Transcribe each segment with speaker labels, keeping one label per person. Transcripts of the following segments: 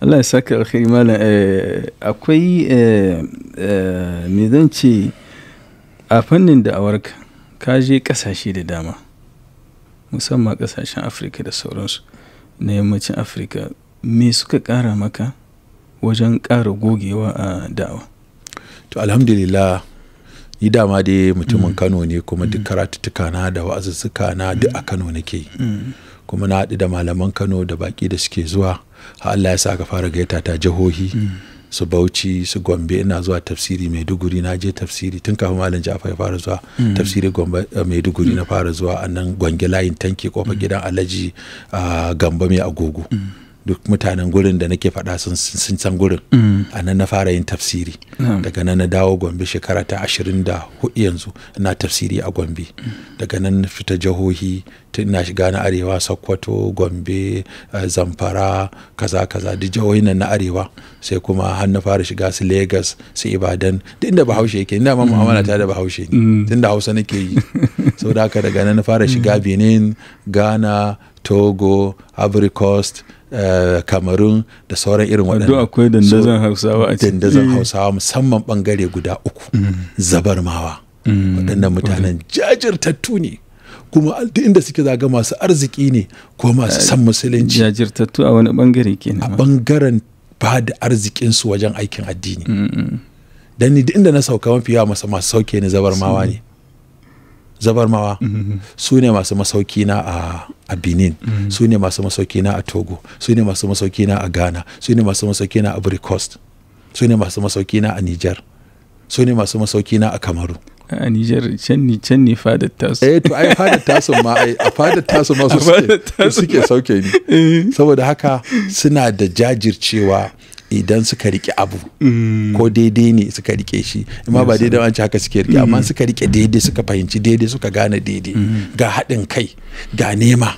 Speaker 1: Allah ya saka alkhairi malam eh, akwai eh, eh, me zan ce a fannin da awarka ka je kasashe da dama musamman kasashen afirka da sauransu na yammacin afirka me suka kara maka wajen ƙara gogewa a da'awa to alhamdulillah
Speaker 2: ni dama dai mutumin mm. kano ne kuma duk mm. karatuttuka na da wa'azuzzuka na duk a kano nake mm. kuma na haɗu da malaman kano da baƙi da suke zuwa ha allah ya sa aka fara gaita ta jihohi su bauchi su gombe ina zuwa tafsiri maiduguri na je tafsiri tun kafin malam jafa ya fara zuwa tafsiri eh, maiduguri na fara zuwa a nan gwange layin tanki kofa gidan alhaji ah, Gambo mai agogo duk mutanen gurin da nake faɗa sun san gurin mm. a nan na fara yin tafsiri daga nan na dawo gombe shekara ta ashirin da hudu yanzu na tafsiri a gombe mm. daga nan na fita jihohi na shiga na arewa sokoto gombe eh, zamfara kaza kaza duk jihohi nan na arewa sai kuma har na fara shiga su Legas su ibadan duk inda bahaushe yake ina ma mu'amala ta da bahaushe ne mm. tunda hausa nake yi saboda haka daga nan na fara shiga benin ghana togo ivory coast kamarun eh, da sauran irin waɗannan akwai dandazon hausawa a cikin. dandazon eh. hausawa musamman bangare guda uku mm. zabarmawa mm. waɗanda mutanen jajirtattu ne kuma duk inda suke zaga masu arziki ne ko masu eh, san musulunci jajirtattu a wani bangare kenan a bangaren ba da arzikinsu wajen aikin addini dan ni duk inda na sauka mafi yawa masu sauke ne zabarmawa ne zabarmawa mm-hmm, mm-hmm. su ne masu masauki na a benin mm-hmm. su ne masu masauki na a togo su ne masu masauki na a ghana su ne masu masauki na a coast su ne masu masauki na a niger su ne masu masauki na a kamaru a Niger can ni can ni fadar tasu. Eh to ai fadar tasu ma ai a fadar tasu ma suke sauke ni. Eh. Saboda haka suna da jajircewa idan suka rike abu mm. ko daidai ne suka rike shi amma ba daidai wancan haka suke rike amma mm. suka rike daidai suka fahimci daidai suka gane daidai mm. ga haɗin kai ga nema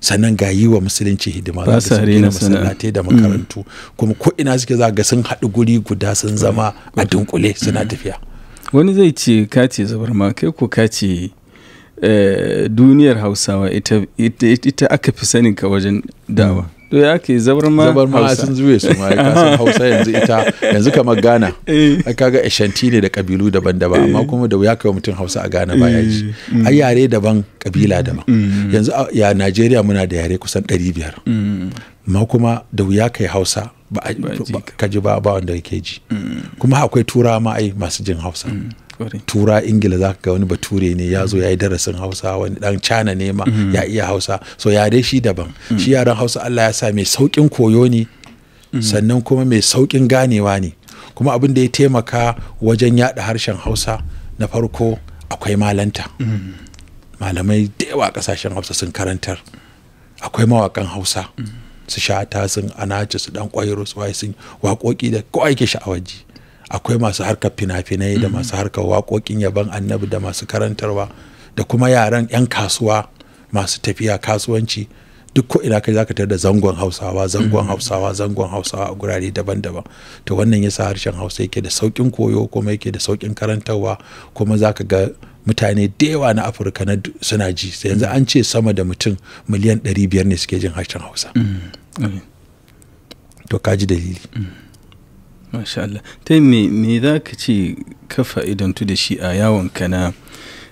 Speaker 2: sannan ga yi wa musulunci hidima za ka gina da masallatai da makarantu kuma ko ina suke za ga sun haɗu guri guda sun zama a dunkule suna tafiya
Speaker 1: wani zai ce kace zabar ma kai ko kace eh, duniyar hausawa ita aka fi sanin ka wajen dawa to ya ke zabar ma sun zuwe su ma hausa yanzu ita yanzu kamar ghana eh. ai kaga ashanti ne da
Speaker 2: kabilu daban-daban amma eh. kuma da ya kai mutum hausa a ghana baya ji eh. ai mm. yare daban kabila mm. daban mm. yanzu ya najeriya muna da yare kusan 500 amma kuma da wuya kai hausa ba ka ji ba wanda yake ji kuma akwai turawa ma ai masu jin hausa tura ingila za ka ga wani bature ne ya zo ya yi darasin hausa wani dan cana ne ma mhm. ya iya hausa so ya dai shi daban mhm. shi yaran hausa allah ya sa mai saukin koyo ne mhm. sannan kuma mai saukin ganewa ne kuma abin da ya taimaka wajen yada harshen hausa na farko akwai malanta malamai da yawa kasashen hausa sun karantar akwai mawakan hausa su shata sun anace su dan kwairo su waye sun waƙoƙi da kawai ke sha'awar ji akwai masu harkar fina-finai da masu harkar waƙoƙin yaban annabi da masu karantarwa da kuma yaran 'yan kasuwa masu tafiya kasuwanci duk ko ina kai zaka tar da zangon hausawa zangon mm. hausawa zangon hausawa a gurare daban-daban to wannan yasa harshen hausa yake da saukin koyo kuma yake da saukin karantarwa kuma zaka ga mutane da yawa na afirka na suna ji sai yanzu an ce sama da mutum miliyan 500 ne suke jin harshen hausa
Speaker 1: mm.
Speaker 2: to kaji dalili mm.
Speaker 1: Masha Allah. Ta yi me za ka ce ka fa'idantu da shi a yawonka na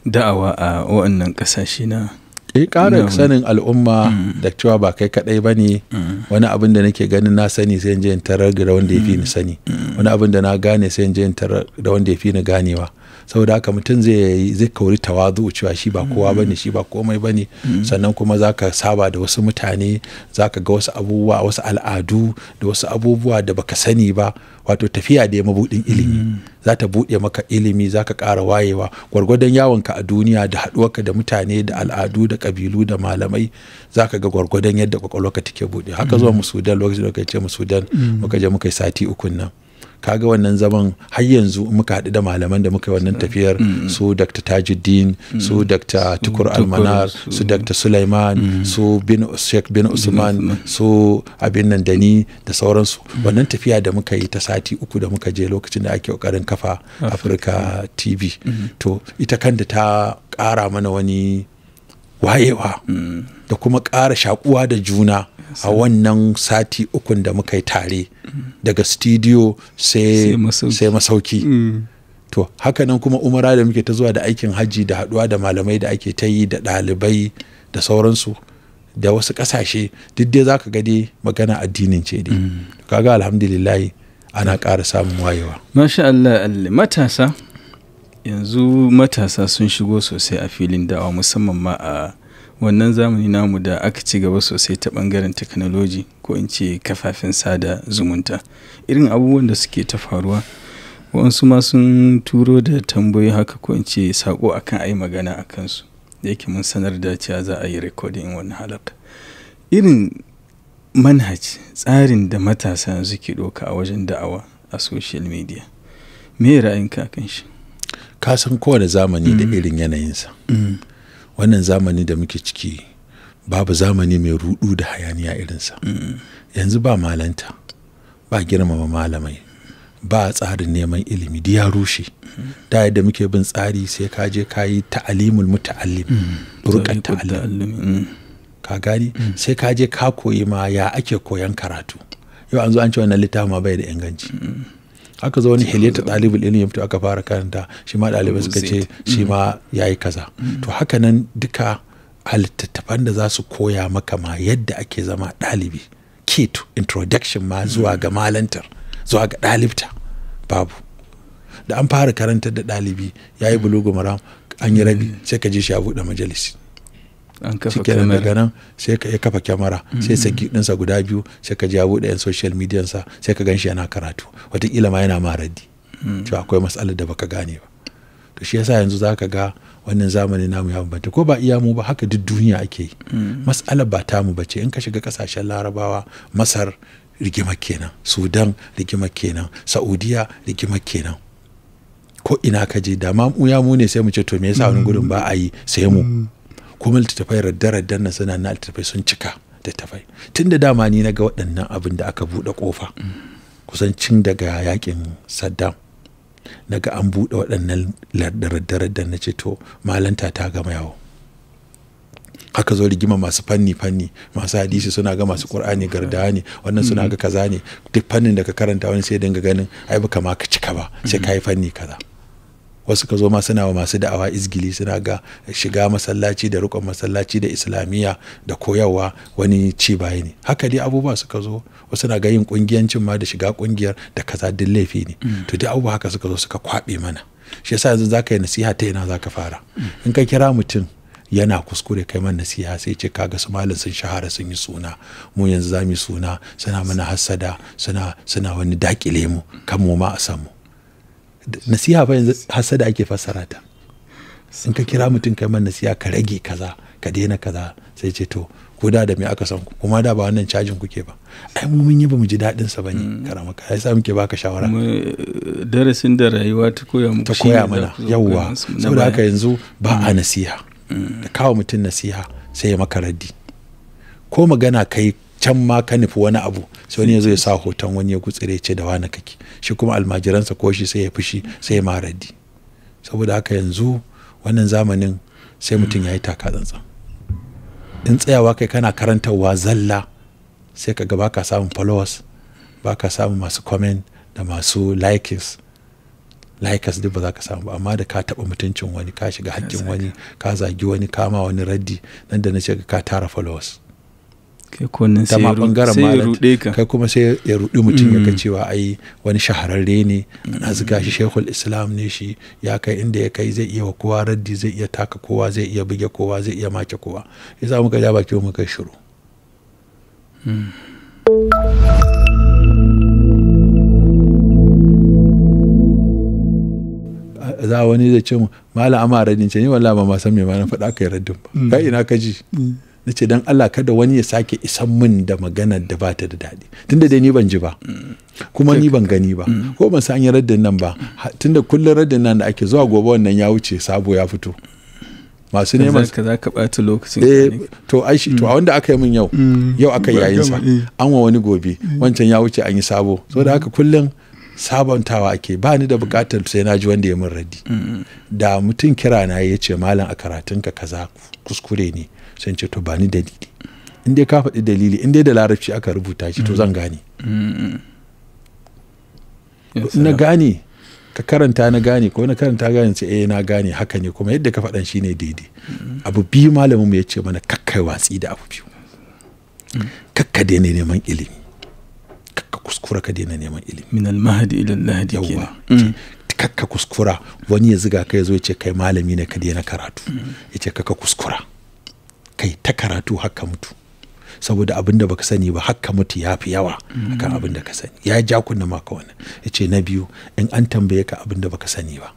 Speaker 1: da'awa a wannan ƙasashe na?
Speaker 2: Eh ƙara sanin al'umma mm. da cewa ba kai kaɗai ba ne mm. wani abin da nake ganin na sani sai in je in tarar da wanda ya fi ni mm. sani wani abin da na gane sai in je in tarar da wanda ya fi ni ganewa. saboda haka mutum zai zai kauri tawazu cewa shi ba kowa mm. bane shi ba komai bane mm. sannan kuma zaka saba da wasu mutane zaka ga wasu abubuwa wasu al'adu da wasu abubuwa da baka sani ba wato tafiya da ya mabudin ilimi mm. za ta buɗe maka ilimi za ka ƙara wayewa gwargwadon yawonka a duniya da haɗuwarka da mutane da al'adu da ƙabilu da malamai za ka ga gwargwadon yadda kwakwalwarka take buɗe haka zuwa mu sudan lokacin da ce mu muka je muka yi sati ukun nan kaga wannan zaman har yanzu muka haɗu da malaman da muka yi wannan tafiyar mm. su dr tajuddin mm. su dr tukur almanar su dr sulaiman mm. su bin bin usman su abin nan dani da sauransu wannan tafiya da muka yi ta sati uku da muka je lokacin da ake ƙoƙarin kafa ah. afirka tv mm-hmm. to ita kanta ta ƙara mana wani wayewa da kuma ƙara shakuwa da juna a wannan sati ukun da muka yi tare daga studio sai masauki mm. to hakanan kuma umara da muke ta zuwa da aikin hajji da haduwa da malamai da ake ta yi da ɗalibai da sauransu da wasu kasashe duk dai zaka ga dai magana addinin ce dai
Speaker 1: mm. kaga alhamdulillah ana ƙara samun wayewa masha Allah matasa yanzu matasa sun shigo sosai a filin dawa musamman ma a wannan zamani namu da aka ci gaba sosai ta bangaren teknoloji ko in ce kafafen sada zumunta irin abubuwan da suke ta faruwa wasu ma sun turo da tambayoyi haka ko in ce sako akan ayi magana a kansu da yake mun sanar da cewa za a yi rikodin wani halaka irin manhaj tsarin da matasa suke doka a wajen da'awa a social media me ra'ayinka kan shi
Speaker 2: ka san kowane zamani da mm. irin yanayinsa mm. wannan zamani da muke ciki babu zamani mai rudu da hayaniya irinsa yanzu ba malanta ba girmama malamai ba tsarin neman ilimi da ya rushe da yadda muke bin tsari sai ka je ka yi ta'alimul muta'allim mm. burkan ta'allim mm. ka gani mm. sai ka je ka koyi ma ya ake koyan karatu yau an zo an ce wannan littafin ma bai da inganci aka zo wani heliyar ɗalibul ilmi ya fito aka fara karanta shi ma ɗalibai suka ce shi ma mm. ya yi kaza mm. to haka nan duka alittattafan da za su koya maka ma yadda ake zama ɗalibi key introduction ma mm. zuwa ga malantar zuwa ga ɗalibta babu da an fara karantar da ɗalibi ya yi bulugu maram an yi rabi sai ka je shi a buɗe majalisi shi kenan daga sai ka ya kafa kyamara mm-hmm. sai saki ɗinsa guda biyu sai ka jawo da yan social media sa sai ka gan shi yana karatu wataƙila ma yana maradi mm-hmm. to akwai matsalar da baka gane ba to shi yasa yanzu za ka ga wannan zamani namu ya bambanta ko ba iya mu ba haka duk duniya ake yi mm-hmm. matsalar ba tamu ba ce in ka shiga kasashen larabawa masar rigima kenan sudan rigima kenan saudiya rigima kenan ko ina ka je da mu mu ne sai mu ce to me yasa wani gudun ba a yi sai mu kuma littattafai radda-raddan suna na littattafai sun cika littattafai tun da dama ni na ga waɗannan abin da aka buɗe ƙofa kusancin daga yakin saddam na ga an buɗe waɗannan radda-raddan na ce to malanta ta gama yawo haka zo rigima masu fanni fanni masu hadisi suna ga masu qur'ani garda ne wannan suna ga kaza ne duk fannin da ka karanta wani sai dinga ganin ai baka ma ka cika ba sai ka yi fanni kaza wasu ka zo ma suna wa masu da'awa izgili suna ga shiga masallaci da rukon masallaci da islamiyya da koyarwa wani ci baya ne haka dai abubuwa suka zo wasu na ga yin kungiyancin ma da shiga kungiyar da kaza duk laifi ne mm. to duk abubuwa haka suka zo suka kwabe mana shi yasa yanzu zaka yi nasiha ta ina zaka fara mm. in ka kira mutum yana kuskure kai man nasiha sai ce ga su malin sun shahara sun yi suna mu yanzu za mu yi suna suna mana hassada suna suna wani dakile mu kan mu ma a san mu nasiha fa yanzu da ake fassara ta in ka kira mutum kai man nasiha ka rage kaza ka daina kaza sai ce to ko da da me aka san ku kuma da ba wannan cajin kuke ba ai mu mun yi ba mu ji
Speaker 1: daɗin sa bane mm. karama ka yasa muke baka shawara darasin da rayuwa ta koya muku ta koya mana yawwa saboda haka
Speaker 2: yanzu ba a mm. nasiha da mm. kawo mutum nasiha sai ya maka raddi ko magana kai can ma ka nufi wani abu sai wani yazo ya sa hoton wani ya gutsire ce da wani kake shi kuma almajiransa ko shi sai ya fushi sai ya maradi saboda haka yanzu wannan zamanin sai mutum ya yi taka tsantsan in tsayawa kai kana karantarwa zalla sai ka ga baka samun followers baka samun masu comment da masu likes likes duk ba za ka samu ba amma da ka taɓa mutuncin wani ka shiga haƙƙin wani ka zagi wani kama wani raddi nan da na ce ka tara followers kai ma sai ya ka kai kuma sai ya rudi mutum ya ga mm. cewa ai wani shahararre ne mm. ana zuga shi shekul islam ne shi ya kai inda ya kai zai iya wa kowa raddi zai iya taka kowa zai iya buge kowa zai iya make kowa ya za ka ja baki muka shiru mm. za wani zai ce mu malam amma raddin ce ni wallahi ba ma san me ma na faɗa kai raddin ba kai ina ka ji na ce don Allah kada wani ya sake isan min da magana da ba ta da daɗi tunda dai ni ban ji ba kuma ni ban gani ba ko ban san yi raddin nan ba tunda kullum raddin nan da ake zuwa gobe wannan ya wuce sabo ya fito masu neman
Speaker 1: ka za ka ɓata lokacin eh
Speaker 2: to aishi shi to a wanda aka yi min yau mm. yau aka yayin sa eh. an wa wani gobe mm. wancan ya wuce an yi sabo so da haka kullum sabantawa ake ba ni da bukatar sai na ji wanda ya min radi da mutum kira na ya ce malam a karatunka kaza kuskure ne sai ce to ba ni dalili in dai ka faɗi dalili in dai da larabci aka rubuta shi to zan gane na gane ka karanta na gane ko na karanta gane sai eh na gane haka ne kuma yadda ka faɗan shi ne daidai abu biyu malamin mu ya ce mana kakkai watsi da abu biyu kakka daina neman ilimi kuskura ka daina neman ilimi min al-mahdi ila al kenan mm. kakka kuskura wani ya ziga ka ya zo ya ce kai malami ne ka daina karatu mm. ya ce kaka kuskura kai ta karatu haka mutu saboda abin da baka sani ba haka mutu ya fi yawa mm. akan abin da ka sani ya ja kunna maka wani. ya ce na biyu in an tambaye ka abin da baka sani ba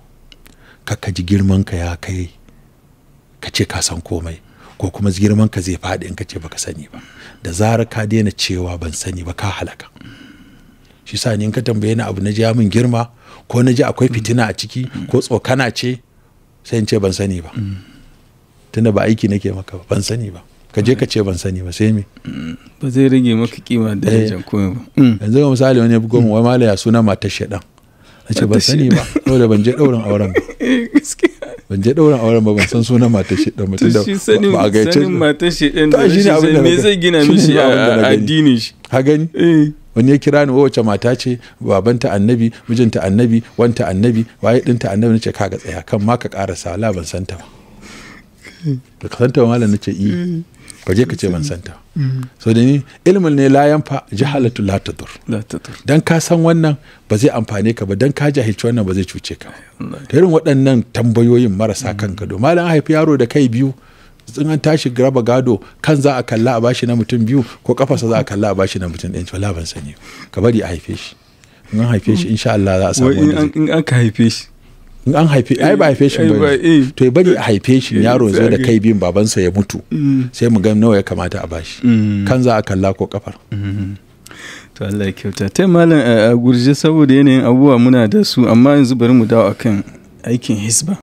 Speaker 2: kakka ji girman ka ya kai ka ce ka san komai ko kuma girman ka zai faɗi in ka ce baka sani ba da zarar ka daina cewa ban sani ba ka halaka shi sa ni ka tambaye ni abu na ji min girma ko na ji akwai fitina a ciki ko tsokana ce sai in ce ban sani ba tunda ba aiki nake maka ba ban sani ba ka je ka ce ban sani ba sai me
Speaker 1: ba zai rage maka kima da eh. jan komai ba mm.
Speaker 2: yanzu ga misali wani bugo mu wai ya suna matar shedan na ce ban sani ba da ban je daurin auren ba ban je daurin auren ba ban san sunan matar shedan dan tunda ba ga ce sanin
Speaker 1: matar shedan da shi ne abin da me zai gina mishi addinin
Speaker 2: shi ha gani eh. wani ya kira ni wace mata ce babanta annabi mijinta annabi wanta annabi waye dinta annabi nace kaga tsaya kan ma ka karasa la ban santa ba da ka santa malam ce i eh, ka je ka ce ban santa so da ni ilmin ne la yanfa jahalatu la tadur dan ka san wannan ba zai amfane ka ba dan ka jahilci wannan ba zai cuce ka irin waɗannan tambayoyin marasa kanka do malam haifi yaro da kai biyu in an tashi raba gado kan za a kalla a bashi na mutum biyu ko kafasa za a kalla a bashi na mutum ɗaya wala ban sani ka bari a haife shi in an haife shi insha Allah za a samu wanda
Speaker 1: in an ka haife shi in an haife ai ba haife shi ba eh. to ya bari a haife shi yaro zo da kai
Speaker 2: biyun babansa ya mutu mm.
Speaker 1: sai mu ga nawa ya kamata a bashi mm. kan za a kalla ko kafar mm-hmm. to Allah ya kyauta tai malam a gurje saboda yanayin abubuwa muna da su amma yanzu bari mu dawo akan aikin hisba